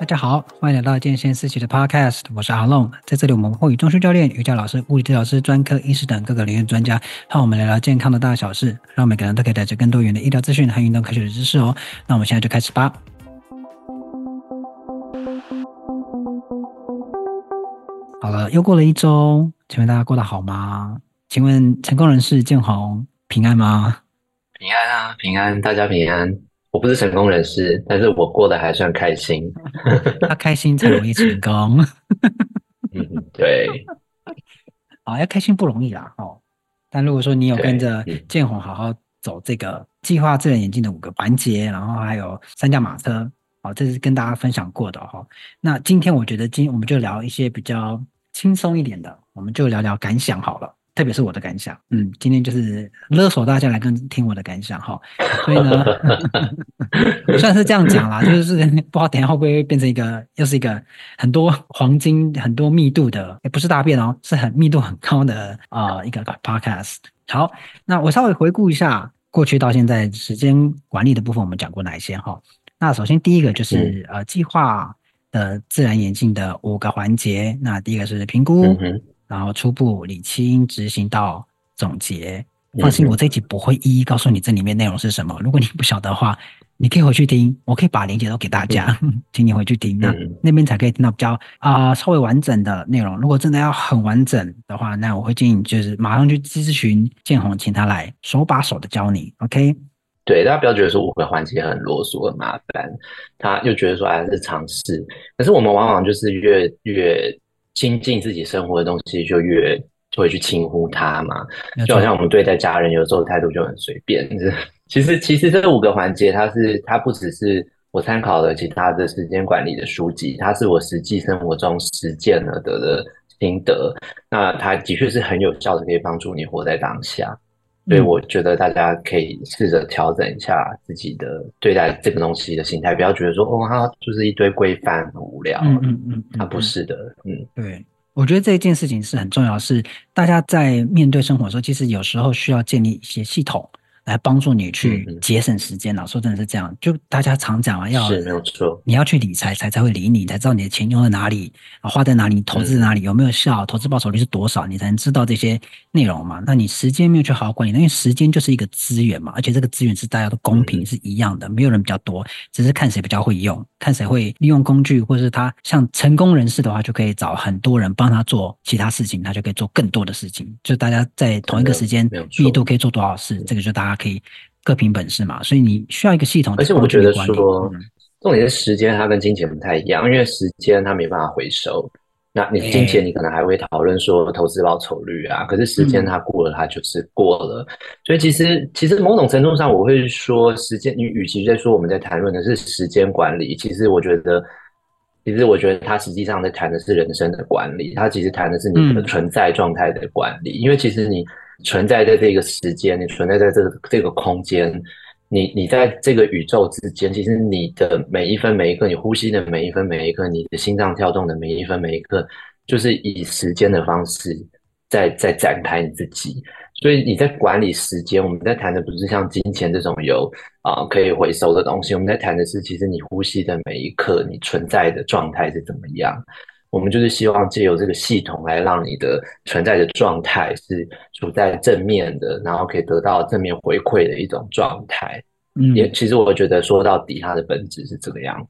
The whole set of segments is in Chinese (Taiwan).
大家好，歡迎來到健先思齊的 Podcast，我是 Alone，在這裡，我們會與重訓教練、瑜伽老師、物理治療師、專科醫師等各個領域專家，和我們聊聊健康的大小事，讓每個人都可以帶着更多元的醫療資訊和運動科學的知識哦。那我們現在就開始吧。好了，又過了一週，請問大家過得好嗎？請問成功人士建宏平安嗎？平安啊，平安，大家平安。我不是成功人士，但是我過得還算開心。 他開心才容易成功。 嗯，對。啊，要開心不容易啦。哦，但如果說你有跟着建宏好好走這個計劃自然演進的五個環節，嗯、然後還有三駕馬車，哦，這是跟大家分享過的哦。那今天我覺得今我們就聊一些比較輕鬆一點的，我們就聊聊感想好了。特別是我的感想，嗯，今天就是勒索大家來跟聽我的感想哈，所以呢， 算是這樣講啦，就是不知道，等下會不會變成一個又是一個很多黃金、很多密度的，也、欸、不是大便哦，是很密度很高的啊、呃、一個 podcast。好，那我稍微回顧一下過去到現在時間管理的部分，我們講過哪一些哈？那首先第一個就是呃計劃的自然演進的五個環節，那第一個是評估。嗯然後初步理清，執行到總結。放心，我這集不會一一告訴你這裡面內容是什麼。嗯、如果你不曉得的話，你可以回去聽，我可以把連結都給大家，嗯、請你回去聽、啊。那、嗯、那邊才可以聽到比較啊、呃、稍微完整的內容。如果真的要很完整的話，那我會建議你就是馬上去諮詢建宏，請他來手把手的教你。OK？對，大家不要覺得說我會環節很囉嗦、很麻煩，他又覺得說哎這是嘗試，可是我們往往就是越越。親近自己生活的東西，就越會去輕忽它嘛。沒錯。就好像我們對待家人，有的時候態度就很隨便。其實，其實這五個環節，它是它不只是我參考了其他的時間管理的書籍，它是我實際生活中實踐而得的心得。那它的確是很有效的，可以幫助你活在當下。所以我覺得大家可以試着調整一下自己的對待這個東西的心態，不要覺得說哦，它就是一堆規範很無聊。嗯嗯，它不是的。嗯嗯嗯嗯。嗯，對，我覺得這件事情是很重要的是，是大家在面對生活的時候，其實有時候需要建立一些系統。來幫助你去節省時間了，說真的是這樣，就大家常講啊，要是你要去理財，才才會理你，才知道你的錢用在哪裡，啊，花在哪裡，投資在哪裡，有沒有效，投資報酬率是多少，你才能知道這些內容嘛。那你時間沒有去好好管理，因為時間就是一個資源嘛，而且這個資源是大家都公平是一樣的，沒有人比較多，只是看誰比較會用，看誰會利用工具，或者是他像成功人士的話，就可以找很多人幫他做其他事情，他就可以做更多的事情。就大家在同一個時間，密度可以做多少事，這個就大家。它可以各憑本事嘛，所以你需要一個系統。而且我覺得說，重點是時間，它跟金錢不太一樣，因為時間它沒辦法回收。那你金錢，你可能還會討論說投資報酬率啊，可是時間它過了，它就是過了。所以其實，其實某種程度上，我會說，時間你與其在說我們在談論的是時間管理，其實我覺得，其實我覺得他實際上在談的是人生的管理，他其實談的是你的存在狀態的管理，因為其實你。存在在這個時間，你存在在這個這個空間，你你在這個宇宙之間，其實你的每一分每一刻，你呼吸的每一分每一刻，你的心臟跳動的每一分每一刻，就是以時間的方式在在展開你自己。所以你在管理時間，我們在談的不是像金錢這種有啊可以回收的東西，我們在談的是其實你呼吸的每一刻，你存在的狀態是怎麼樣。我們就是希望借由這個系統來讓你的存在的狀態是處在正面的，然後可以得到正面回饋的一種狀態。嗯，也其實我覺得說到底它的本質是這個樣子。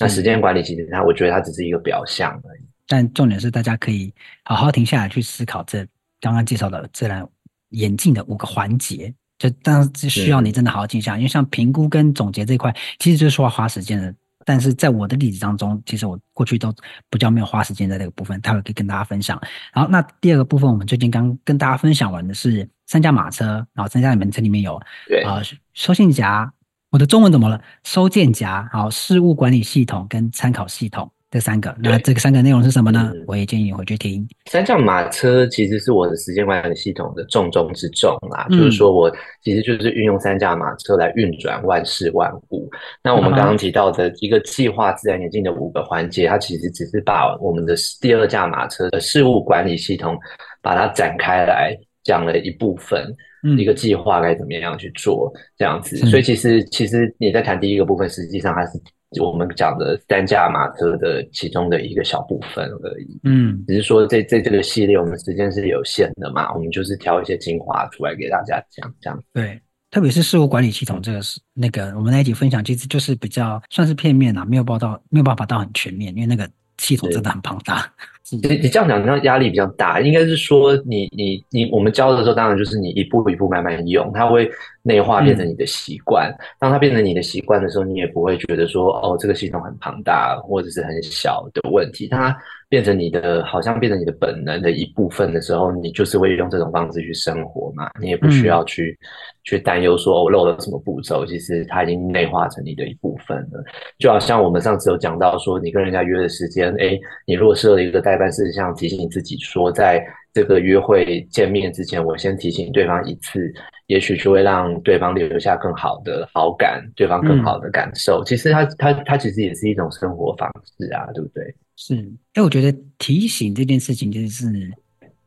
那時間管理其實它，我覺得它只是一個表象而已。嗯、但重點是大家可以好好停下來去思考這剛剛介紹的自然演進的五個環節，就當然是需要你真的好好記下，因為像評估跟總結這塊，其實就是說實話花時間的。但是在我的例子當中，其實我過去都比較沒有花時間在這個部分，待會可以跟大家分享。然後那第二個部分，我們最近剛跟大家分享完的是三駕馬車，然後三駕馬車裡面有對啊、呃、收信夾，我的中文怎麼了？收件夾，然後事務管理系統跟參考系統。這三個，那這個三個內容是什麼呢？對我也建議你回去聽。三駕馬車其實是我的時間管理系統的重中之重啦，嗯、就是說我其實就是運用三駕馬車來運轉萬事萬物。那我們剛剛提到的一個計劃自然演進的五個環節，它其實只是把我們的第二駕馬車的事務管理系統把它展開來講了一部分，嗯、一個計劃該怎麼樣去做這樣子。嗯、所以其實，其實你在談第一個部分，實際上它是。我們講的三駕馬車的其中的一個小部分而已，嗯，只是說在在這個系列，我們時間是有限的嘛，我們就是挑一些精華出來給大家講，這樣。對，特別是事務管理系統這個是那個，我們那一集分享其實就是比較算是片面啦，沒有包到，沒有辦法到很全面，因為那個。系統真的很龐大，你你這樣講，你那壓力比較大。應該是說你，你你你，我們教的時候，當然就是你一步一步慢慢用，它會內化變成你的習慣。嗯。當它變成你的習慣的時候，你也不會覺得說，哦，這個系統很龐大，或者是很小的問題。它。變成你的，好像變成你的本能的一部分的時候，你就是會用這種方式去生活嘛，你也不需要去、嗯、去擔憂說我漏了什麼步驟。其實它已經內化成你的一部分了。就好像我們上次有講到說，你跟人家約的時間，哎、欸，你如果設了一個待辦事項，提醒自己說，在這個約會見面之前，我先提醒對方一次，也許就會讓對方留下更好的好感，對方更好的感受。嗯、其實他他他其實也是一種生活方式啊，對不對？是，哎、欸，我覺得提醒這件事情就是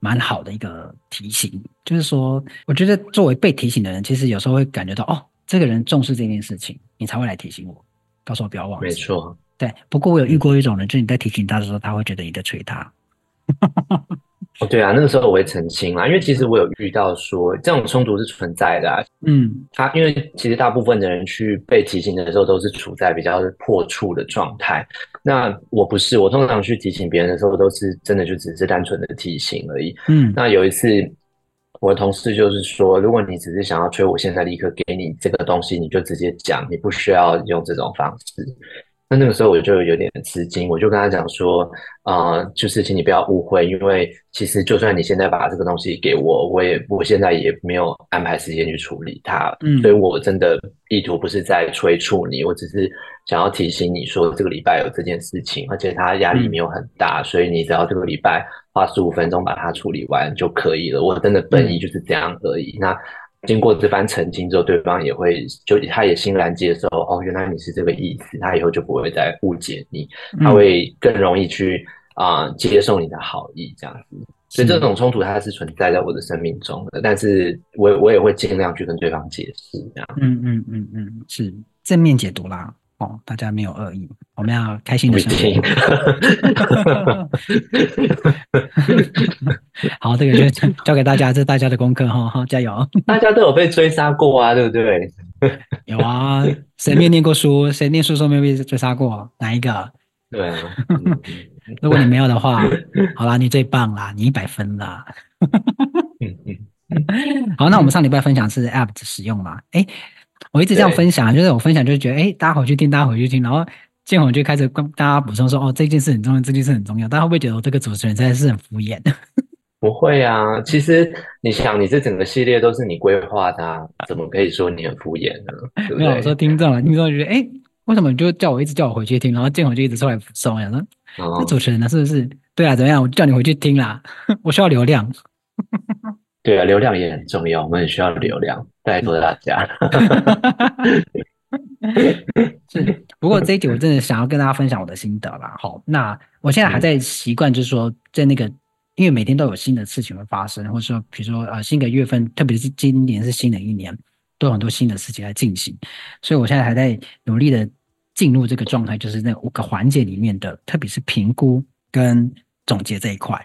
蠻好的一個提醒。就是說，我覺得作為被提醒的人，其實有時候會感覺到，哦，這個人重視這件事情，你才會來提醒我，告訴我不要忘記。沒錯，對。不過我有遇過一種人，就是你在提醒他的時候，他會覺得你在催他。 哦，對啊，那個時候我會澄清啦，因為其實我有遇到說這種衝突是存在的啊，嗯，他因為其實大部分的人去被提醒的時候都是處在比較破處的狀態，那我不是，我通常去提醒別人的時候都是真的就只是單純的提醒而已，嗯，那有一次我的同事就是說，如果你只是想要催我，我現在立刻給你這個東西，你就直接講，你不需要用這種方式。那那個時候我就有點吃驚，我就跟他講說，啊、呃，就是請你不要誤會，因為其實就算你現在把這個東西給我，我也我現在也沒有安排時間去處理它，嗯、所以我真的意圖不是在催促你，我只是想要提醒你說這個禮拜有這件事情，而且它壓力沒有很大，嗯、所以你只要這個禮拜花十五分鐘把它處理完就可以了，我真的本意就是這樣而已。嗯、那。經過這番澄清之後，對方也會就他也欣然接受哦，原來你是這個意思，他以後就不會再誤解你，他會更容易去啊、呃、接受你的好意這樣子。所以這種衝突它是存在在我的生命中的，但是我也我也會盡量去跟對方解釋這樣。嗯嗯嗯嗯，是正面解讀啦。哦，大家沒有惡意，我們要開心的生活。哈哈哈哈哈！好，這個就交給大家，這是大家的功課哈，好、哦、加油。大家都有被追殺過啊，對不對？有啊，誰沒念過書？誰念書時候沒被追殺過？哪一個？對、啊， 如果你沒有的話，好啦，你最棒啦，你一百分啦。 好，那我們上禮拜分享是 App 的使用啦哎。誒我一直這樣分享，對就是我分享就是覺得、欸，大家回去聽，大家回去聽。然後建宏就開始跟大家補充說，哦，這件事很重要，這件事很重要。大家會不會覺得我、哦、這個主持人真的是很敷衍？不會啊，其實你想，你這整個系列都是你規劃的、啊，怎麼可以說你很敷衍呢？是不是？沒有，我說聽眾了，聽眾覺得，哎、欸，為什麼你就叫我一直叫我回去聽？然後建宏就一直出來補充，講、哦、那主持人呢？是不是？對啊，怎麼樣？我叫你回去聽啦，我需要流量。 對啊，流量也很重要，我們也需要流量，拜託大家。 是不過這一集，我真的想要跟大家分享我的心得啦。好，那我現在還在習慣，就是說在那個，嗯、因為每天都有新的事情會發生，或者說，比如說啊、呃，新的月份，特別是今年是新的一年，都有很多新的事情在進行，所以我現在還在努力的進入這個狀態，就是那五個環節裡面的，特別是評估跟總結這一塊，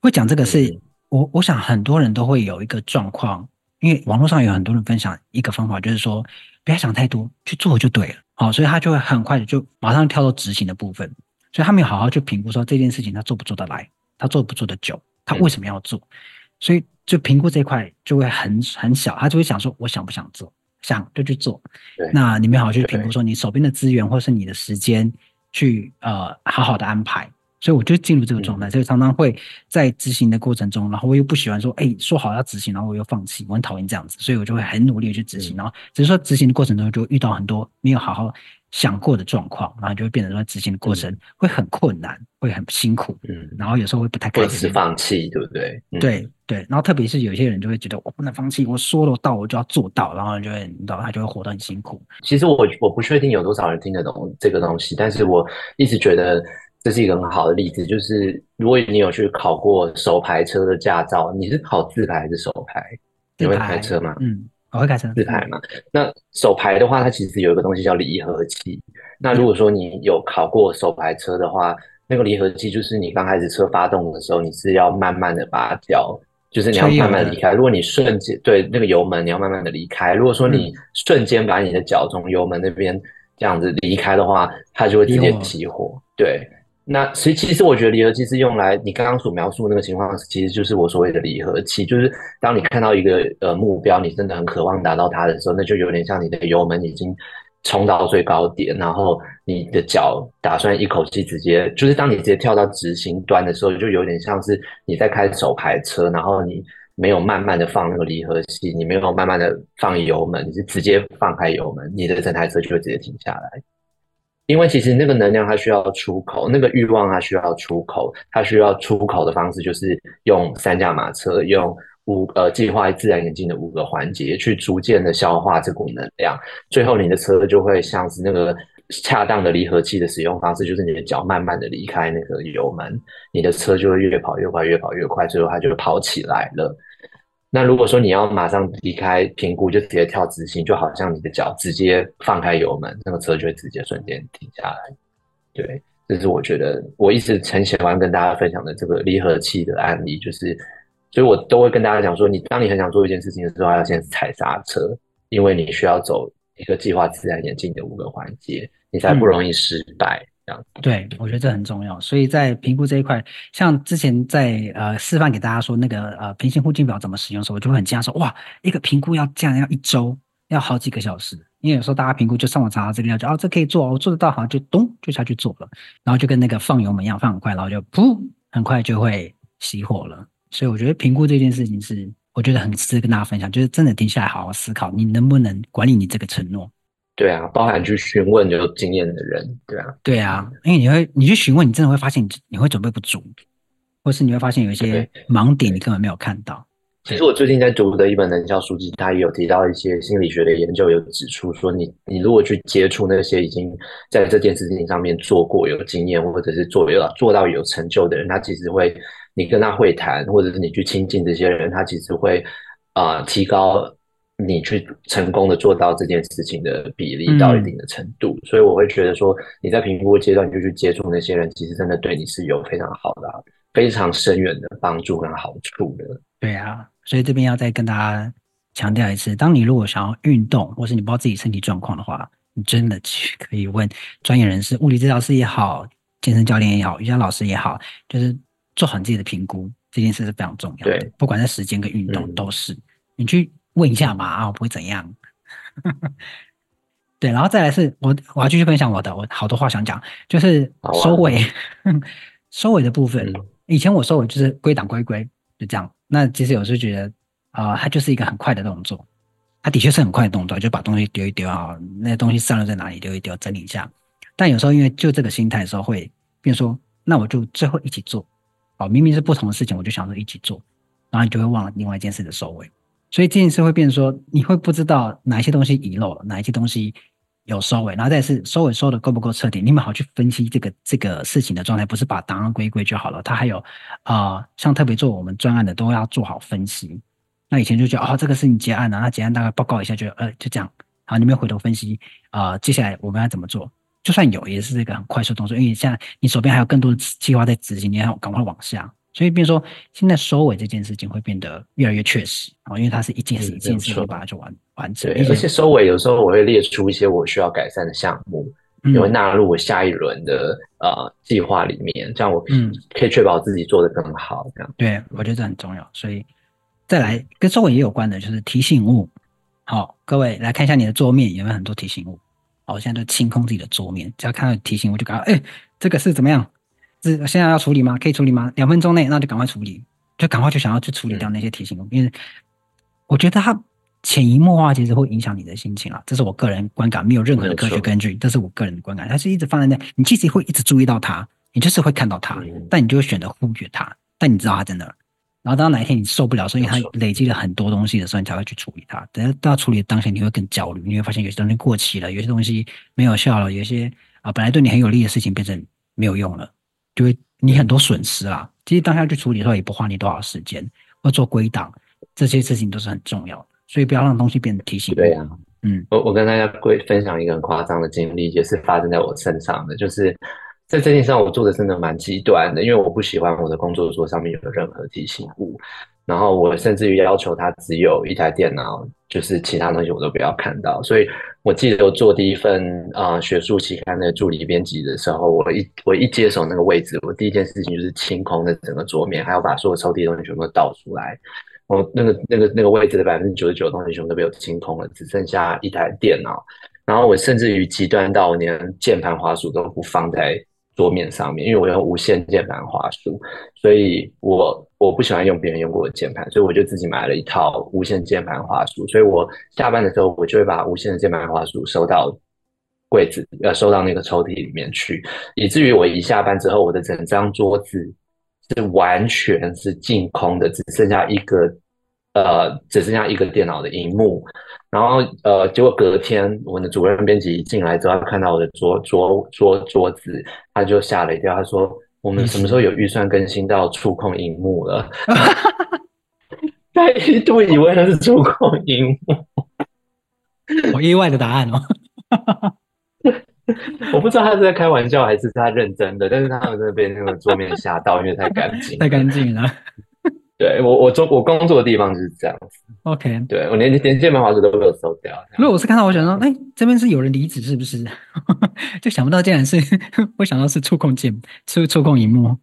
會講這個是。嗯我我想很多人都會有一個狀況，因為網絡上有很多人分享一個方法，就是說不要想太多，去做就對了。好、哦，所以他就會很快的就馬上跳到執行的部分，所以他沒有好好去評估說這件事情他做不做得來，他做不做得久，他為什麼要做，嗯、所以就評估這一塊就會很很小，他就會想說我想不想做，想就去做。對那你沒有好好去評估說你手邊的資源或是你的時間去，去呃好好的安排。所以我就進入這個狀態，嗯、所以常常會在執行的過程中，然後我又不喜歡說，哎、欸，說好要執行，然後我又放棄，我很討厭這樣子，所以我就會很努力去執行，嗯、然後只是說執行的過程中就遇到很多沒有好好想過的狀況，然後就會變成說執行的過程、嗯、會很困難，會很辛苦，嗯，然後有時候會不太開心，是放棄，對不對？嗯、對對，然後特別是有些人就會覺得我不能放棄，我說了到我就要做到，然後就會你知道他就會活到很辛苦。其實我我不確定有多少人聽得懂這個東西，但是我一直覺得。這是一個很好的例子，就是如果你有去考過手排車的駕照，你是考自排還是手排？排你會開車嗎？嗯，我會開車自排嘛。那手排的話，它其實有一個東西叫離合器。那如果說你有考過手排車的話，嗯、那個離合器就是你剛開始車發動的時候，你是要慢慢的把腳，就是你要慢慢離開。的如果你瞬間對那個油門，你要慢慢的離開。如果說你瞬間把你的腳從油門那邊這樣子離開的話，它就會直接熄火。呦對。那其其實我覺得離合器是用來你剛剛所描述那個情況，其實就是我所謂的離合器，就是當你看到一個呃目標，你真的很渴望達到它的時候，那就有點像你的油門已經衝到最高點，然後你的腳打算一口氣直接，就是當你直接跳到執行端的時候，就有點像是你在開手排車，然後你沒有慢慢的放那個離合器，你沒有慢慢的放油門，你是直接放開油門，你的整台車就會直接停下來。因為其實那個能量它需要出口，那個慾望它需要出口，它需要出口的方式就是用三駕馬車，用五呃計劃自然演進的五個環節去逐漸的消化這股能量，最後你的車就會像是那個恰當的離合器的使用方式，就是你的腳慢慢的離開那個油門，你的車就會越跑越快，越跑越快，最後它就跑起來了。那如果說你要馬上離開評估，就直接跳執行，就好像你的腳直接放開油門，那個車就會直接瞬間停下來。對，這是我覺得我一直很喜歡跟大家分享的這個離合器的案例，就是，所以我都會跟大家講說，你當你很想做一件事情的時候，要先踩剎車，因為你需要走一個計劃、自然演進的五個環節，你才不容易失敗。嗯對，我覺得這很重要，所以在評估這一塊，像之前在呃示範給大家說那個呃平行互進表怎麼使用的時候，我就會很驚訝說，哇，一個評估要這樣要一周，要好幾個小時，因為有時候大家評估就上網查到這個料就啊、哦、這可以做，我做得到，好像就咚就下去做了，然後就跟那個放油門一樣放很快，然後就噗很快就會熄火了。所以我覺得評估這件事情是我覺得很值得跟大家分享，就是真的停下來好好思考，你能不能管理你這個承諾。對啊，包含去詢問有經驗的人，對啊，對啊，因為你會你去詢問，你真的會發現你你會準備不足，或是你會發現有一些盲點你根本沒有看到。對對其實我最近在讀的一本人教書籍，它也有提到一些心理學的研究，有指出說你，你你如果去接觸那些已經在這件事情上面做過有經驗，或者是做做到有成就的人，他其實會，你跟他會談，或者是你去親近這些人，他其實會啊、呃、提高。你去成功的做到這件事情的比例到一定的程度，嗯、所以我會覺得說，你在評估階段，你就去接觸那些人，其實真的對你是有非常好的、啊、非常深遠的幫助跟好處的。對啊，所以這邊要再跟大家強調一次，當你如果想要運動，或是你不知道自己身體狀況的話，你真的去可以問專業人士，物理治療師也好，健身教練也好，瑜伽老師也好，就是做好你自己的評估這件事是非常重要的。對，不管在時間跟運動，都是、嗯、你去。問一下嘛，啊，我不會怎樣。 對，然後再來是我我要繼續分享我的，我好多話想講，就是收尾玩呵呵，收尾的部分。以前我收尾就是歸檔歸歸就這樣。那其實有時候覺得啊、呃，它就是一個很快的動作，它的確是很快的動作，就把東西丟一丟啊，那東西散落在哪裡丟一丟，整理一下。但有時候因為就這個心態的時候會，會變說，那我就最後一起做哦，明明是不同的事情，我就想說一起做，然後你就會忘了另外一件事的收尾。所以這件事會變成說，你會不知道哪一些東西遺漏了，哪一些東西有收尾，然後再是收尾收得夠不夠徹底。你們好去分析這個這個事情的狀態，不是把檔案歸歸就好了。它還有啊、呃，像特別做我們專案的都要做好分析。那以前就覺得哦，這個是你結案了，啊，那結案大概報告一下就，就，欸，呃就這樣，好，你們回頭分析啊、呃，接下來我們要怎麼做？就算有，也是這個很快速動作，因為現在你手邊還有更多的計劃在執行，你要趕快往下。所以，比如說，現在收尾這件事情會變得越來越確實啊、哦，因為它是一件事情，一件事情把它就完，嗯、完整些。而且收尾有時候我會列出一些我需要改善的項目，也會、嗯、納入我下一輪的呃計劃裡面，這樣我嗯可以確保我自己做得更好。這樣、嗯、對，我覺得這很重要。所以再來跟收尾也有關的就是提醒物。好，各位來看一下你的桌面有沒有很多提醒物？好，我現在在清空自己的桌面，只要看到提醒物就感覺哎，這個是怎麼樣？是現在要處理嗎？可以處理嗎？兩分鐘內，那就趕快處理，就趕快就想要去處理掉那些提醒，嗯、因為我覺得它潛移默化其實會影響你的心情啊，這是我個人觀感，沒有任何的科學根據，這是我個人的觀感。它是一直放在那，你其實會一直注意到它，你就是會看到它，嗯、但你就會選擇忽略它。但你知道它在那。然後當哪一天你受不了，所以它累積了很多東西的時候，你才會去處理它。等到處理的當前，你會更焦慮，你會發現有些東西過期了，有些東西沒有效了，有些啊本來對你很有利的事情變成沒有用了。就會你很多損失啦。其實當下去處理的時候，也不花你多少時間，或做歸檔，這些事情都是很重要的。所以不要讓東西變得提醒。對啊，嗯，我我跟大家分享一個很誇張的經歷，也是發生在我身上的。就是在這件事上，我做的真的蠻極端的，因為我不喜歡我的工作桌上面有任何提醒物。然後我甚至於要求他只有一台電腦，就是其他東西我都不要看到。所以我記得我做第一份啊、呃、學術期刊的助理編輯的時候，我一我一接手那個位置，我第一件事情就是清空那整個桌面，還要把所有抽屜的東西全部倒出來。我那個那個那個位置的百分之九十九的東西全部都被我清空了，只剩下一台電腦。然後我甚至於極端到連鍵盤、滑鼠都不放在桌面上面，因為我用無線鍵盤、滑鼠，所以我。我不喜歡用別人用過的鍵盤，所以我就自己買了一套無線鍵盤滑鼠。所以我下班的時候，我就會把無線的鍵盤滑鼠收到櫃子，呃，收到那個抽屜裡面去，以至於我一下班之後，我的整張桌子是完全是淨空的，只剩下一個，呃，只剩下一個電腦的熒幕。然後，呃，結果隔天，我的主任編輯一進來，之後，看到我的桌桌桌桌子，他就嚇了一跳，他說，我們什麼時候有預算更新到觸控螢幕了？ 他一度以為那是觸控螢幕， 我意外的答案哦。 我不知道他是在開玩笑還是他認真的，但是他們真的被那個桌面嚇到，因為太乾淨，太乾淨了。對，我，我做我工作的地方就是這樣子。OK，對，我連連鍵盤滑鼠都沒有收掉。如果我是看到，我想說，哎、欸，這邊是有人離職，是不是？ 就想不到竟然是會想到是觸控鍵，觸觸控螢幕。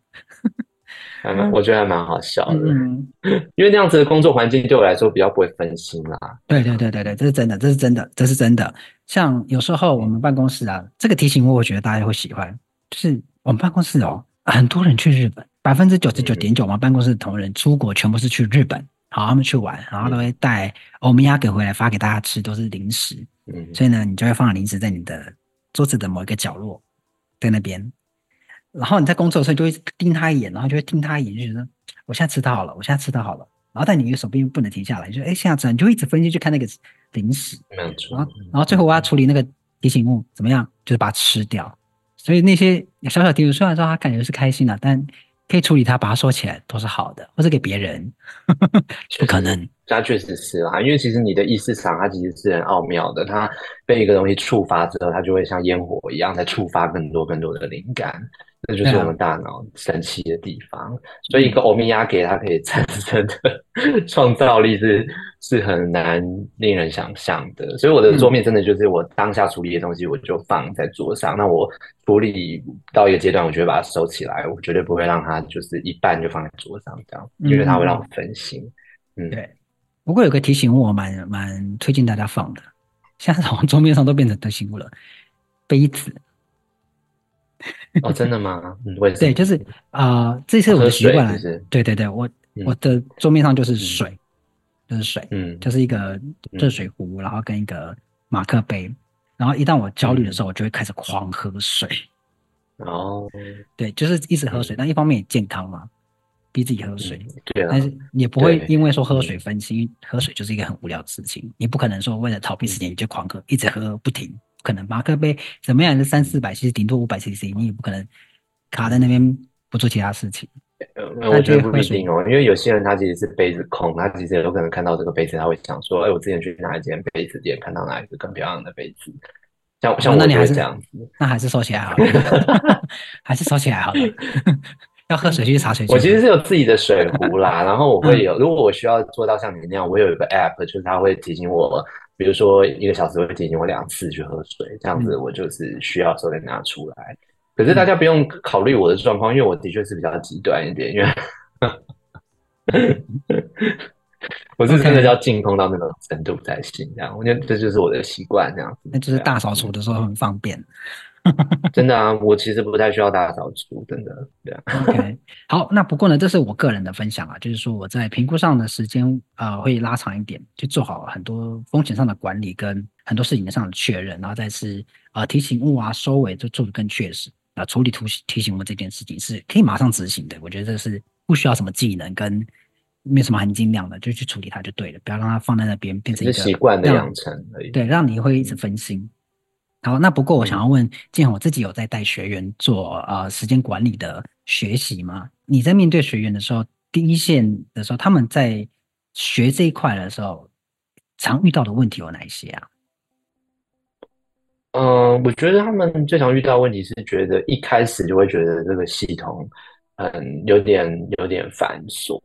還蠻，我覺得還蠻好笑的，嗯嗯、因為那樣子的工作環境對我來說比較不會分心啦、啊。對對對對對，這是真的，這是真的，這是真的。像有時候我們辦公室啊，這個提醒我，我覺得大家會喜歡，就是我們辦公室哦，很多人去日本。百分之九十九點九嘛，辦公室的同仁出國全部是去日本，好、嗯哼，然後他們去玩，然後都會帶歐米亞給回來發給大家吃，都是零食。嗯、哼所以呢，你就會放零食在你的桌子的某一個角落，在那邊，然後你在工作的時候就會盯他一眼，然後就會盯他一眼，覺、就、得、是、我現在吃它好了，我現在吃它好了。然後但你又手邊不能停下來，就哎這樣你就、哎、你就會一直分心去看那個零食，沒錯、嗯哼。然後最後我要處理那個提醒物，怎麼樣，就是把它吃掉。所以那些小小零食雖然說他感覺是開心的，但。可以處理它，把它收起來，都是好的，或者給別人， 不可能，這確,確實是啊。因為其實你的意識場，它其實是很奧妙的，它被一個東西觸發之後，它就會像煙火一樣，再觸發更多更多的靈感。這就是我們大腦神奇的地方，啊、所以一個歐米茄給它可以產生的創造力是是很難令人想象的。所以我的桌面真的就是我當下處理的東西，我就放在桌上。嗯、那我處理到一個階段，我就會把它收起來，我絕對不會讓它就是一半就放在桌上這樣，因為它會讓我分心。嗯，嗯對。不過有個提醒，我蠻蠻，蠻推薦大家放的，現在好像桌面上都變成提醒物了，杯子。哦，真的嗎？嗯，對，就是啊，這次我就習慣了。對對對，我我的桌面上就是水，就是水，嗯，就是一個熱水壺，然後跟一個馬克杯。然後一旦我焦慮的時候，我就會開始狂喝水。哦，對，就是一直喝水。但一方面也健康嘛，逼自己喝水。對啊。但是也不會因為說喝水分心，喝水就是一個很無聊的事情，你不可能說為了逃避時間你就狂喝，一直喝不停。可能馬克杯怎麼樣是三四百，其實頂多五百 cc，你也不可能卡在那邊不做其他事情。呃、嗯，我覺得不一定哦，因為有些人他其實是杯子控，他其實有可能看到這個杯子，他會想說，哎，我之前去哪一間杯子店看到哪一個更漂亮的杯子。像那你還是這樣子，那還是收起來好了， 還是收起來好了。 要喝水去，去茶水我其實是有自己的水壺啦， 然後我會有，嗯、如果我需要做到像你那樣，我有一個 app，就是它會提醒我。比如說，一個小時會提醒我兩次去喝水，這樣子我就是需要的時候再拿出來。可是大家不用考慮我的狀況，嗯、因為我的確是比較極端一點，因為我是真的要淨空到那種程度才行。這樣，我覺得這就是我的習慣這，嗯、這樣子。那、哎、就是大掃除的時候很方便。嗯 真的啊，我其實不太需要大掃除，真的。對啊 ，OK。好，那不過呢，這是我個人的分享啊，就是說我在評估上的時間，呃，會拉長一點，就做好很多風險上的管理，跟很多事情上的確認，然後再是啊、呃、提醒物啊收尾，就做得更確實。那處理圖形提醒物這件事情是可以馬上執行的，我覺得這是不需要什麼技能，跟沒什麼含金量的，就去處理它就對了，不要讓它放在那邊變成一個習慣的養成而已。對，讓你會一直分心。嗯好，那不過我想要問建宏，既然我自己有在帶學員做啊、呃、時間管理的學習嗎？你在面對學員的時候，第一線的時候，他們在學這一塊的時候，常遇到的問題有哪一些啊？嗯、呃，我覺得他們最常遇到的問題是，覺得一開始就會覺得這個系統，嗯，有點有點繁瑣，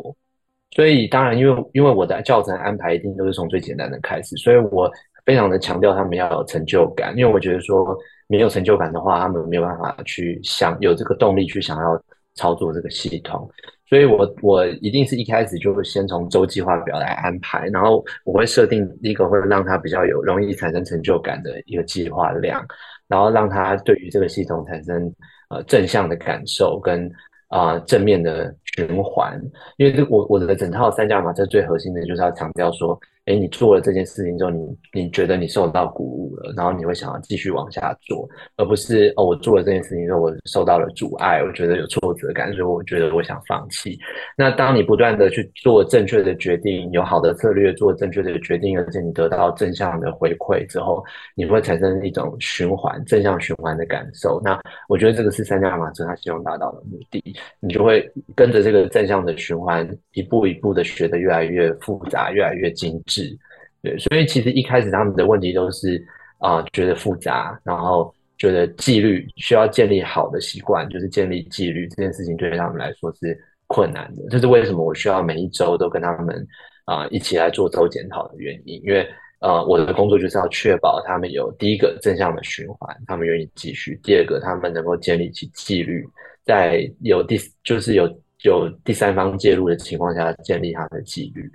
所以當然，因為因為我的教程安排一定都是從最簡單的開始，所以我。非常的強調他們要有成就感，因為我覺得說沒有成就感的話，他們沒有辦法去想有這個動力去想要操作這個系統。所以我，我我一定是一開始就先從周計劃表來安排，然後我會設定一個會讓他比較有容易產生成就感的一個計劃量，然後讓他對於這個系統產生呃正向的感受跟啊、呃、正面的循環。因為這我我的整套三駕馬車最核心的就是要強調說。哎，你做了這件事情之後，你你覺得你受到鼓舞了，然後你會想要繼續往下做，而不是哦，我做了這件事情之後，我受到了阻礙，我覺得有挫折感，所以我覺得我想放棄。那當你不斷的去做正確的決定，有好的策略做正確的決定，而且你得到正向的回饋之後，你會產生一種循環正向循環的感受。那我覺得這個是三駕馬車它希望達到的目的，你就會跟着這個正向的循環，一步一步的學的越來越複雜，越來越精致。是，對，所以其實一開始他們的問題都是啊、呃，覺得複雜，然後覺得紀律需要建立好的習慣，就是建立紀律這件事情對他們來說是困難的。這、就是為什麼我需要每一周都跟他們啊、呃、一起來做周檢討的原因，因為啊、呃，我的工作就是要確保他們有第一個正向的循環，他們願意繼續；第二個，他們能夠建立起紀律，在有第就是有有第三方介入的情況下建立他的紀律。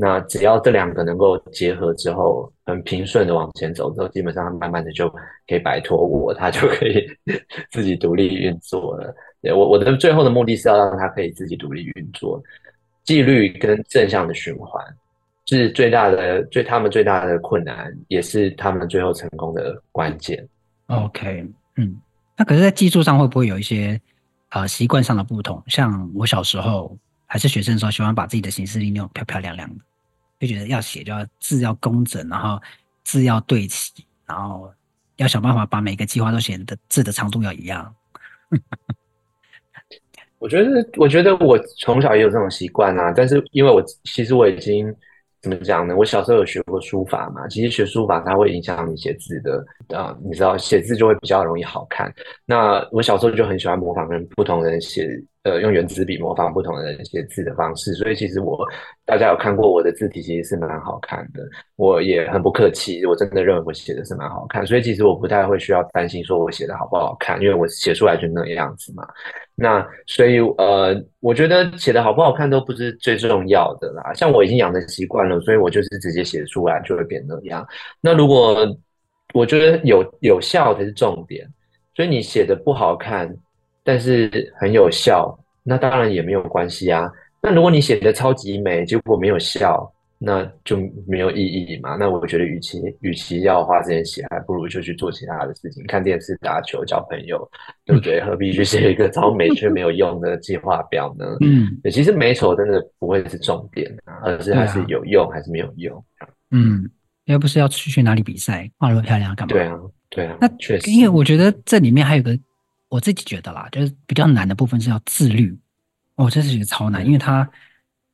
那只要這兩個能夠結合之後，很平順的往前走之後，基本上他慢慢的就可以擺脫我，他就可以自己獨立運作了。我我的最後的目的是要讓他可以自己獨立運作，紀律跟正向的循環是最大的最他們最大的困難，也是他們最後成功的關鍵。OK，嗯，那可是，在技術上會不會有一些啊習慣上的不同？像我小時候。還是學生的時候，喜歡把自己的行事曆弄的漂漂亮亮的，就覺得要寫就要字要工整，然後字要對齊，然後要想辦法把每個計劃都寫的字的長度要一樣。 我覺得，我覺得我從小也有這種習慣啊，但是因為我其實我已經怎麼講呢？我小時候有學過書法嘛，其實學書法它會影響你寫字的，啊、呃，你知道寫字就會比較容易好看。那我小時候就很喜歡模仿跟不同人寫。呃，用原子筆模仿不同的人寫字的方式，所以其實我大家有看過我的字體，其實是蠻好看的。我也很不客氣，我真的認為我寫的是蠻好看。所以其實我不太會需要擔心說我寫的好不好看，因為我寫出來就那個樣子嘛。那所以呃，我覺得寫的好不好看都不是最重要的啦。像我已經養成習慣了，所以我就是直接寫出來就會變那樣。那如果我覺得有有效才是重點，所以你寫的不好看，但是很有效，那當然也沒有關係啊。那如果你寫的超級美，結果沒有效，那就沒有意義嘛。那我覺得，與其與其要花這些錢，還不如就去做其他的事情，看電視、打球、交朋友，對不對？ 何必去寫一個超美卻沒有用的計劃表呢？ 嗯，其實美醜真的不會是重點啊，而是還是有用還是沒有用。嗯，又不是要去哪裡比賽，畫得漂亮幹嘛？對啊，對啊。那確實，因為我覺得這裡面還有個。我自己覺得啦，就是比較難的部分是要自律，哦，我這是覺得超難，因為它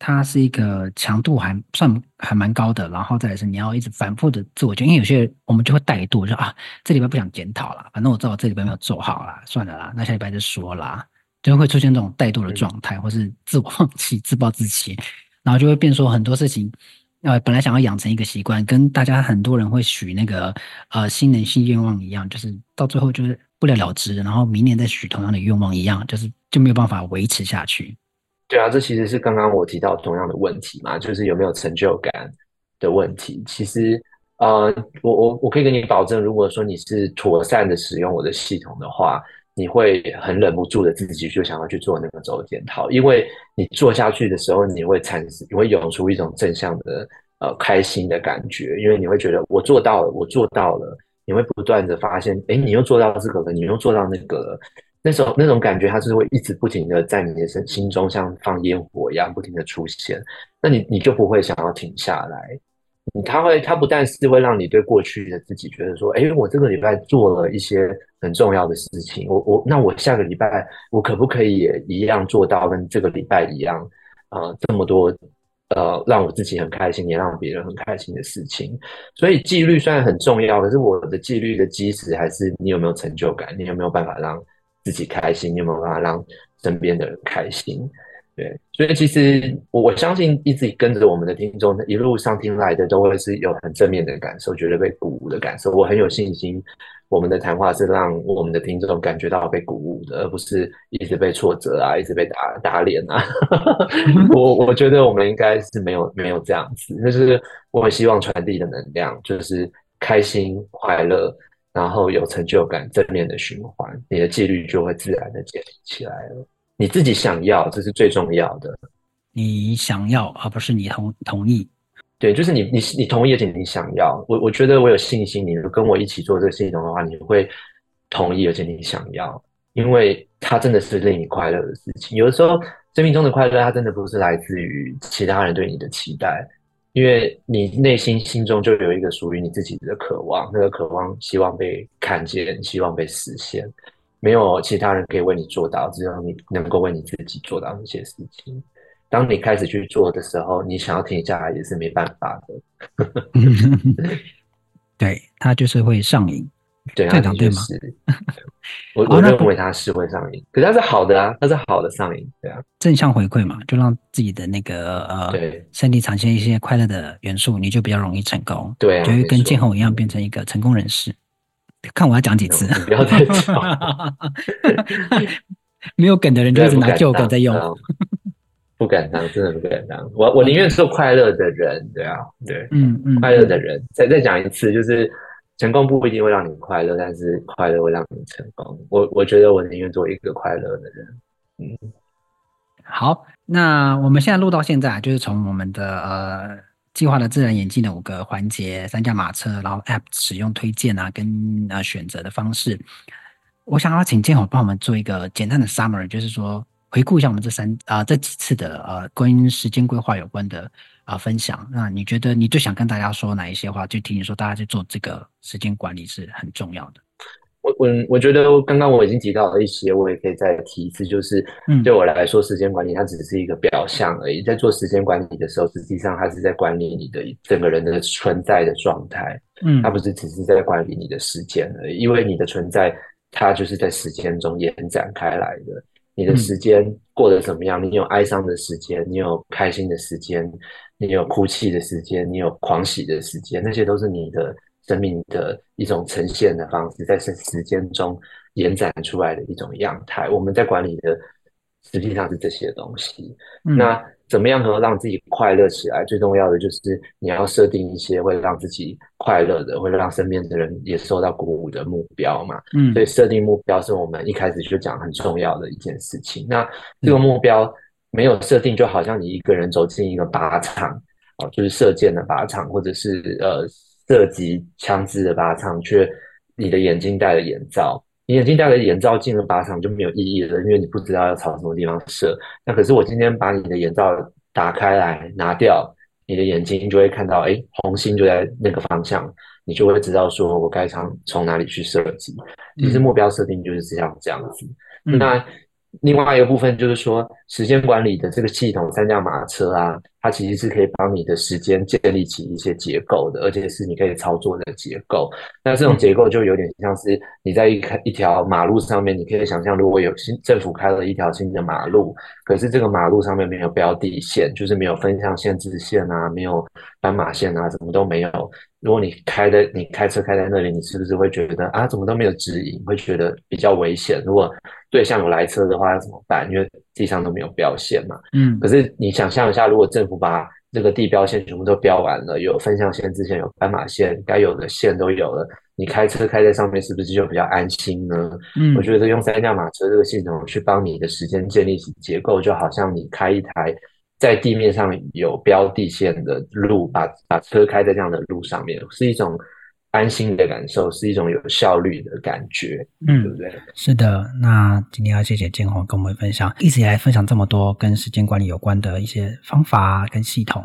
它是一個強度還算還蠻高的，然後再來是你要一直反覆的做，因為有些我們就會怠惰，就啊這禮拜不想檢討啦，反正我知道我這禮拜沒有做好啦。算了啦，那下禮拜再說啦，就會出現這種怠惰的狀態，或是自我放棄、自暴自棄，然後就會變說很多事情。呃，本來想要養成一個習慣，跟大家很多人會許那個呃新年新願望一樣，就是到最後就是不了了之，然後明年再許同樣的願望一樣，就是就沒有辦法維持下去。對啊，這其實是剛剛我提到同樣的問題嘛，就是有沒有成就感的問題。其實，呃，我我我可以跟你保證，如果說你是妥善的使用我的系統的話。你會很忍不住的自己就想要去做那個週檢討，因為你做下去的時候，你會產生，你會湧出一種正向的呃開心的感覺，因為你會覺得我做到了，我做到了，你會不斷的發現，哎，你又做到這個了，你又做到那個了，那時候那種感覺，它是會一直不停的在你的身心中像放煙火一樣不停的出現，那你你就不會想要停下來。他會，他不但是會讓你對過去的自己覺得說，哎，我這個禮拜做了一些很重要的事情，我我那我下個禮拜我可不可以也一樣做到跟這個禮拜一樣，啊、呃，這麼多，呃，讓我自己很開心，也讓別人很開心的事情。所以紀律雖然很重要，可是我的紀律的基石還是你有沒有成就感，你有沒有辦法讓自己開心，你有沒有辦法讓身邊的人開心。對，所以其實我我相信一直跟着我們的聽眾一路上聽來的都會是有很正面的感受，覺得被鼓舞的感受。我很有信心，我們的談話是讓我們的聽眾感覺到被鼓舞的，而不是一直被挫折啊，一直被打打臉啊。 我我覺得我們應該是沒有沒有這樣子，那、就是我很希望傳遞的能量，就是開心快樂，然後有成就感，正面的循環，你的紀律就會自然的建立起來了。你自己想要，這是最重要的。你想要，而不是你同同意。對，就是你，你你同意，而且你想要。我我覺得我有信心，你如果跟我一起做這個系統的話，你會同意，而且你想要，因為它真的是令你快樂的事情。有的時候，生命中的快樂，它真的不是來自於其他人對你的期待，因為你內心心中就有一個屬於你自己的渴望，那個渴望希望被看見，希望被實現。沒有其他人可以為你做到，只有你能夠為你自己做到那些事情。當你開始去做的時候，你想要停下來也是沒辦法的。 對，他就是會上癮，啊吧，對啊，對嗎？我認為他是會上癮， 哦，可是他是好的啊，他是好的上癮，對啊，正向回饋嘛，就讓自己的那個呃，對身體產生一些快樂的元素，你就比較容易成功，對，啊，就會跟建宏一樣變成一個成功人士。看我要講幾次，不要再講，沒有梗的人就一直拿舊梗在用，不敢當， 真的不敢當。我我寧願做快樂的人，對啊，對，嗯嗯，嗯快樂的人。再再講一次，就是成功不一定會讓你快樂，但是快樂會讓你成功。我我覺得我寧願做一個快樂的人。嗯，好，那我們現在錄到現在，就是從我們的呃。計劃的自然演進的五個環節，三駕馬車，然後 App 使用推薦啊，跟啊、呃、選擇的方式，我想要請建宏幫我們做一個簡單的 Summary，就是說回顧一下我們這三啊、呃、這幾次的呃關於時間規劃有關的啊、呃、分享。那你覺得你最想跟大家說哪一些話？就提醒說大家去做這個時間管理是很重要的。我我我覺得剛剛我已經提到了一些，我也可以再提一次，就是，對我來說，時間管理它只是一個表象而已。嗯，在做時間管理的時候，實際上它是在管理你的整個人的存在的狀態。嗯，它不是只是在管理你的時間而已，因為你的存在，它就是在時間中延展開來的。你的時間過得怎麼樣？你有哀傷的時間，你有開心的時間，你有哭泣的時間，你有狂喜的時間，那些都是你的。生命的一種呈現的方式，在時間中延展出來的一種樣態。我們在管理的實際上是這些東西。嗯、那怎麼樣能夠讓自己快樂起來？最重要的就是你要設定一些會讓自己快樂的，會讓身邊的人也受到鼓舞的目標嘛。嗯，所以設定目標是我們一開始就講很重要的一件事情。那這個目標沒有設定，就好像你一個人走進一個靶場，就是射箭的靶場，或者是呃。涉及槍支的靶場，卻你的眼睛戴了眼罩，你眼睛戴了眼罩進了靶場就沒有意義了，因為你不知道要朝什麼地方射。那可是我今天把你的眼罩打開來拿掉，你的眼睛就會看到，誒、欸、紅心就在那個方向，你就會知道說我該朝從哪裡去射擊。其實目標設定就是這樣這樣子。嗯、那另外一個部分就是說時間管理的這個系統，三駕馬車啊。它其實是可以幫你的時間建立起一些結構的，而且是你可以操作的結構。那這種結構就有點像是你在一開一條馬路上面，你可以想象，如果有新政府開了一條新的馬路，可是這個馬路上面沒有標地線，就是沒有分向限制線啊，沒有斑馬線啊，什麼都沒有。如果你開的，你開車開在那裡，你是不是會覺得啊，怎麼都沒有指引，會覺得比較危險？如果對向有來車的話要怎麼辦？因為地上都沒有標線嘛。嗯。可是你想象一下，如果政府把這個地標線全部都標完了，有分向線，之前有斑馬線，該有的線都有了。你開車開在上面，是不是就比較安心呢？嗯，我覺得用三駕馬車這個系統去幫你的時間建立起結構，就好像你開一台在地面上有標地線的路，把把車開在這樣的路上面，是一種。安心的感受，是一種有效率的感覺，嗯，對不對、嗯？是的。那今天要謝謝建宏跟我們分享，一直以來分享這麼多跟時間管理有關的一些方法跟系統。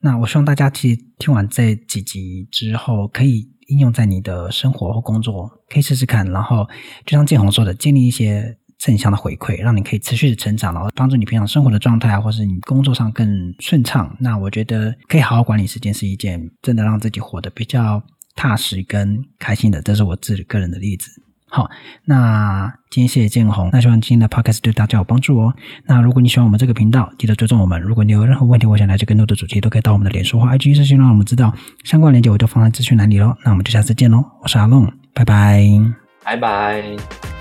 那我希望大家其實聽完這幾集之後，可以應用在你的生活或工作，可以試試看。然後就像建宏說的，建立一些正向的回饋，讓你可以持續的成長，然後幫助你平常生活的狀態、啊、或是你工作上更順暢。那我覺得可以好好管理時間是一件真的讓自己活得比較。踏實跟開心的，這是我自己個人的例子。好，那今天謝謝建宏，那希望今天的 podcast 對大家有幫助哦。那如果你喜歡我們這個頻道，記得追蹤我們。如果你有任何問題，我想了解更多的主題，都可以到我們的臉書或 IG 上詢問，讓我們知道，相關鏈接我都放在資訊欄裡嘍。那我們就下次見嘍，我是阿龍，拜拜，拜拜。